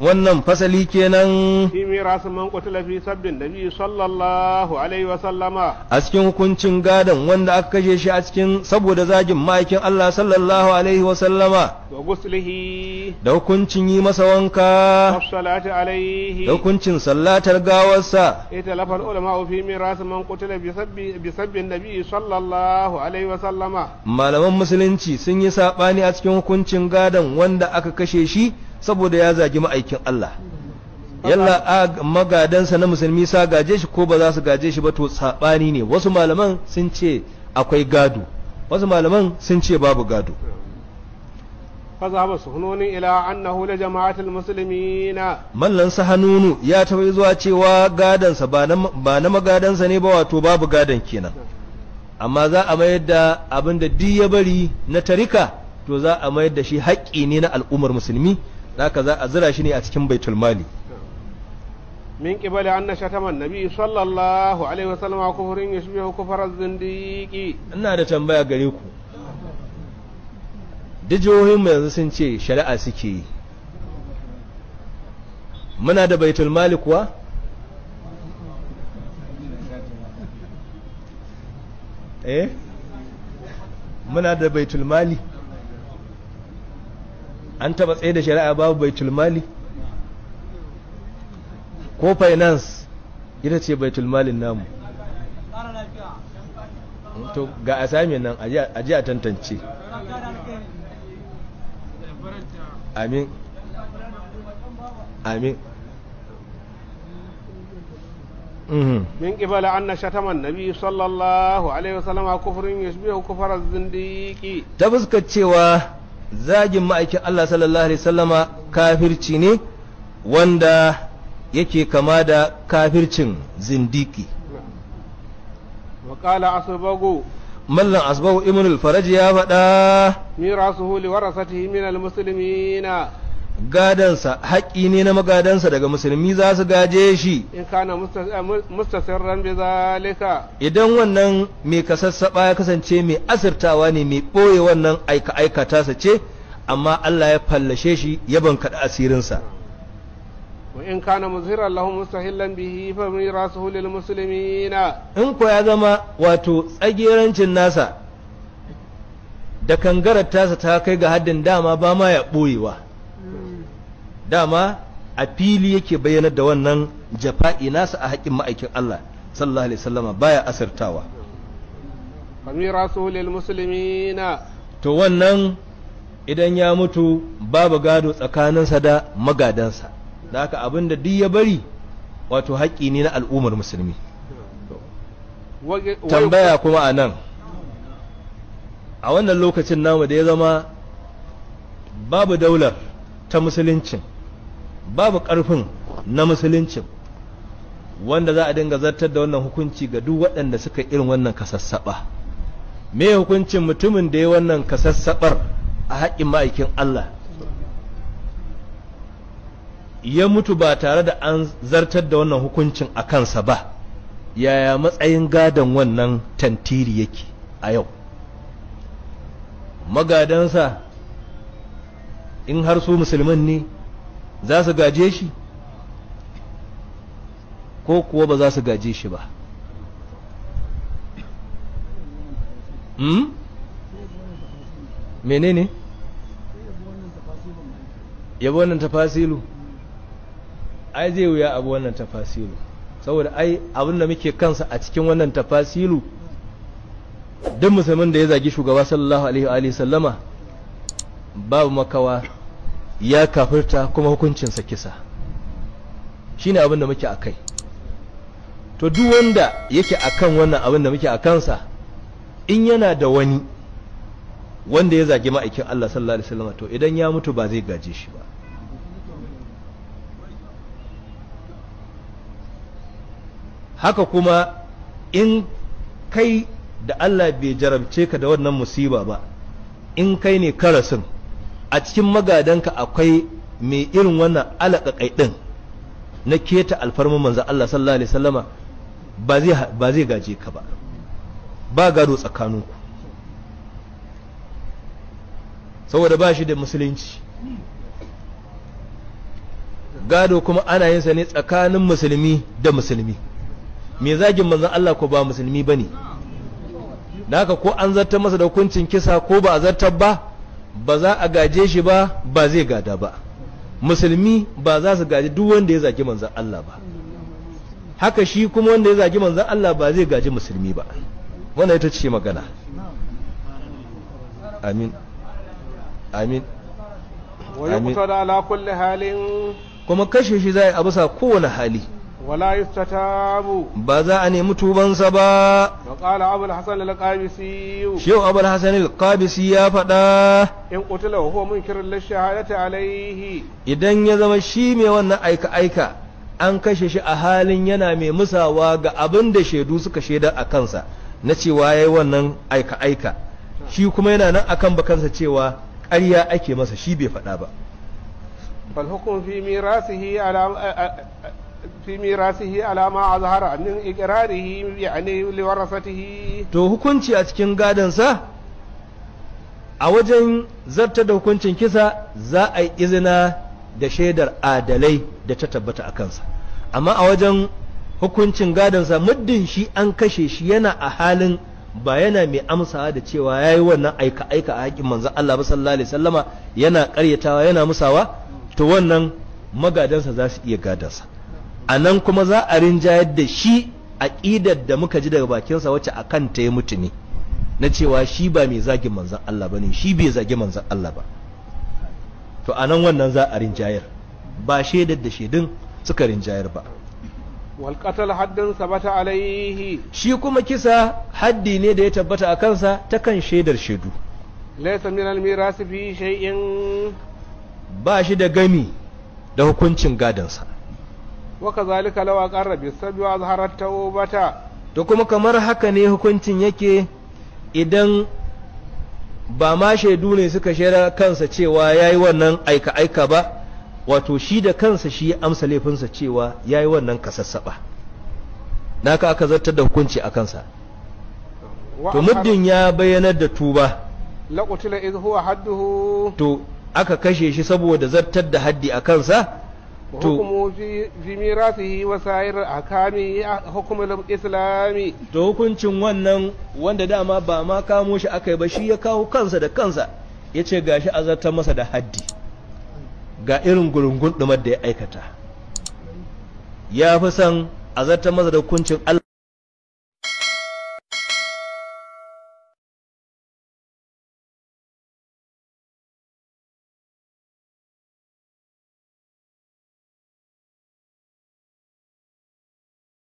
wannan fasali kenan fi miras man qutila fi sabbin nabi sallallahu alaihi wa sallama a cikin hukuncin gadon wanda aka kashe shi a cikin saboda zagin ma'aikin Allah sallallahu alaihi wa sallama wa guslihi da hukuncin yi masa wanka wa salati alaihi da hukuncin sallatar gawarsa ita lafal ulama fi miras man qutila bi sabbi bi sabbin nabi sallallahu alaihi wa sallama malaman musulunci sun yi sabani a cikin hukuncin gadon wanda aka kashe shi saboda ya zagi ma'aikin Allah yalla a magadansa na musulmi sa gaje shi ko ba za su gaje shi ba to sabani ne wasu malaman sun ce akwai gado wasu malaman sun ce babu gado فذهب سهنون إلى أنه لجماعة Mallan ملن سهنون ya تبي zuwa cewa gadan sa ba na magadan sa ne ba wato babu gadan kenan amma za a mayar da abin da duk ya bari na tarika to za a mayar da shi haƙƙi ne na al'ummar musulmi haka za a zira shi ne a cikin baitul mali min qibali anna shataman nabi sallallahu alaihi wasallam kufrin yashbihu kufar az-zindiqi ina da tambaya gare ku dijohin mu yanzu sun ce shari'a suke yi muna da baitul mali kuwa eh muna da baitul mali an taba tsaye da shari'a babu baitul mali ko finance ita ce baitul malin namu to ga asami nan a ji a tantance amin amin من قبل أن شتم النبي صلى الله عليه وسلم كفر يشبه كفر الزنديق تبسكت cewa. zagin ma'aikin Allah sallallahu alaihi wasallama kafirci ne wanda yake kama da kafircin zindiki waƙala asubago. mallan asubago ibn Faraji faraj ya faɗa mirasuhu li warasatihi min gadansa haƙƙi ne na magadansa daga musulmi za su gaje shi in kana eh, mustasirran za zalika idan wannan mai kasassaba ya kasance mai asirtawa ne mai ɓoye wannan aika aikata sa ce amma Allah ya fallashe shi ya bankaɗa asirinsa wa in kana muzhiran lahu mustahillan bihi fa mirasuhu lil muslimina in ko ya zama wato tsagerancin nasa da kangarar tasa ta kai ga haddin dama ba ma ya ɓoyewa dama a fili yake bayyanar da wannan jafa'i nasa a haƙin ma'aikin Allah sallallahu alaihi wasallam baya asirtawa famirasu lil muslimina to wannan idan ya mutu babu gado tsakaninsa da magadansa da haka abinda duk ya bari wato haƙƙi ne na al'ummar musulmi tambaya kuma a nan a wannan lokacin namu da ya zama babu daular ta musuluncin babu ƙarfin na musuluncin wanda za a dinga zartar da wannan hukunci ga duk waɗanda suka irin wannan kasassaɓa me hukuncin mutumin da ya wannan kasassaɓar a haƙƙin ma'aikin Allah ya mutu ba tare da an zartar da wannan hukuncin a kansa ba yaya matsayin gadon wannan tantiri yake a yau magadansa in har su musulman ne za su gaje shi ko kuwa ba za su gaje shi ba hmm? mene ne yabo wannan tafasilu ai zai wuya abu wannan tafasilu saboda ai abin da muke kansa a cikin wannan tafasilu don musamman da ya zagi shugaba sallallahu alaihi wa sallama babu makawa ya kafirta kuma hukuncinsa kisa shine abin da muke a kai. to duk wanda yake akan wannan abin da muke kansa, in yana da wani wanda ya zagi ma'aikin Allah sallallahu alaihi wasallam to idan ya mutu ba zai gaje shi ba haka kuma in kai da Allah bai jarabce ka da wannan musiba ba in kai ne karasin a cikin magadanka akwai mai irin wannan alaƙaƙai ɗin na keta alfarmin manzan Allah sallallahu alaihi sallama ba zai gaje ka ba ba gado tsakaninku saboda ba shi da musulunci gado kuma ana yin sa ne tsakanin musulmi da musulmi mai zagin manzan Allah ko ba musulmi ba ne da haka ko an zarta masa da hukuncin kisa ko ba a zartar ba ba za a gaje shi ba ba zai gada ba musulmi ba za su gaji duk wanda ya zagi manzan Allah ba haka shi kuma wanda ya zagi manzan Allah ba zai gaji musulmi ba wannan ita ce magana amin amin amin ala kulli halin kuma kashe shi za a bisa kowane hali wala yustatabu ba za a nemi tubansa ba وقال أبو الحسن القابسي شيخ أبو الحسن القابسي يا فدا إن قتله هو منكر للشهادة عليه إذن يزم الشيمي wannan aika-aika, an kashe shi a halin yana mai musawa ga abinda shaidu suka shaida a kansa na cewa yayi wannan aika-aika shi kuma yana nan akan bakansa cewa ƙarya ake masa shi bai faɗa ba. Falhukun fi mirasihi fi mirasihi ma azhara min iqrarihi yani warasatihi to hukunci a cikin gadon sa a wajen zarta da hukuncin kisa za a yi izina da shaidar adalai da ta tabbata a kansa amma a wajen hukuncin gadonsa muddin shi an kashe shi yana a halin ba yana mai amsawa da cewa ya yi wannan aika-aika a haƙin manzan Allah ba sallallahu alaihi sallama yana ƙaryatawa yana musawa to wannan magadansa za su iya gadansa a nan kuma za a rinjayar da shi aƙidar da muka ji daga bakinsa wacce a kan ta yi mutu ne na cewa shi ba mai zagin manzan Allah ba ne shi bai zagi manzan Allah ba to a nan wannan za a rinjayar ba shaidar da shaidun suka rinjayar ba walƙatar haddin sabata alaihi shi kuma kisa haddi ne da ya tabbata a kansa ta kan shaidar shaidu laysa min su fi shay'in ba shi da gami da hukuncin gadansa wa kazalika law aqarra bisabi wa azharat tawbata to kuma kamar haka ne hukuncin yake idan ba ma shaidu ne suka shaida kansa cewa yayi wannan aika aika ba wato shi da kansa shi ya amsa laifinsa cewa yayi wannan kasassaba naka aka zartar da hukunci a kansa to muddin ya bayyanar da tuba laqutila idh huwa hadduhu to aka kashe shi saboda zartar da haddi a kansa fi to hukuncin wannan wanda dama ba ma kamo shi akai ba shi ya kawo kansa da kansa ya ce ga shi azartar masa da haddi ga irin gurungun ɗumar da ya aikata ya fi son azartar masa da hukuncin Allah